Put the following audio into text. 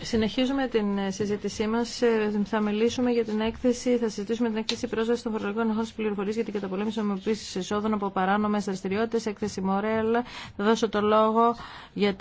συνεχίζουμε την ε, συζήτησή μα. Ε, θα μιλήσουμε για την έκθεση, θα συζητήσουμε την έκθεση πρόσβαση των φορολογικών αρχών στι πληροφορίε για την καταπολέμηση τη νομιμοποίηση εισόδων από παράνομε δραστηριότητε. Έκθεση Μορέλ. Θα δώσω το λόγο για